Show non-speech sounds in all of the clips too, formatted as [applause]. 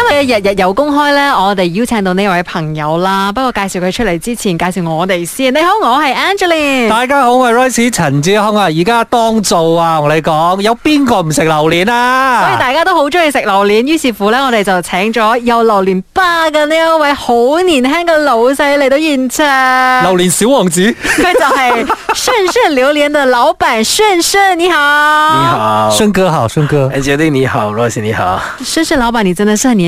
今日的日日有公開咧，我哋邀請到呢位朋友啦。不過介紹佢出嚟之前，介紹我哋先。你好，我係 Angeline。大家好，我係 Rice。陳志康啊，而家當造啊，同你講，有邊個唔食榴蓮啊？所以大家都好鍾意食榴蓮，於是乎咧，我哋就請咗有榴蓮吧嘅呢一位好年輕嘅老細嚟到現場。榴蓮小王子，佢就係順順榴蓮的老闆順順，你好，你好，順哥好，順哥。Angeline 你好，Rice 你好。順順老闆，你真的是很年。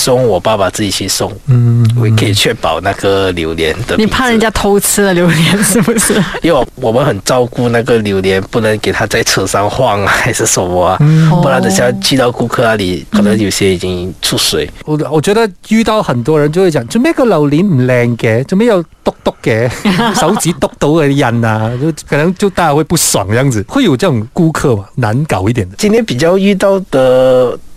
送我爸爸自己去送，嗯，嗯我可以確保那個榴蓮的。你怕人家偷吃了榴蓮是不是？ [laughs] 因為我們很照顧那個榴蓮，不能給它在車上晃啊，還是什麼，啊嗯？不然等下去到顧客那裏，嗯，可能有些已經出水。我我覺得遇到很多人就會講，就那個榴蓮唔靚嘅，就沒有篤篤嘅，手指篤篤嘅人啊，就可能就大家會不爽這樣子。會有這種顧客嘛？難搞一點的。今天比較遇到的。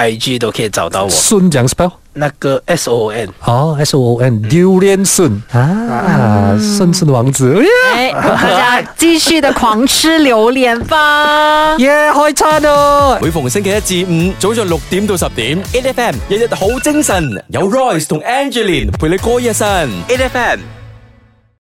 I G 都可以找到我。孫講 spell，那個 S O N。哦，S O N，榴蓮孫啊，孫孫王子。大家繼續的狂吃榴蓮吧。耶，開餐啦！每逢星期一至五，早上六點到十點，A F M，日日好精神，有 Royce 同 Angelina 陪你過一晨，A F M。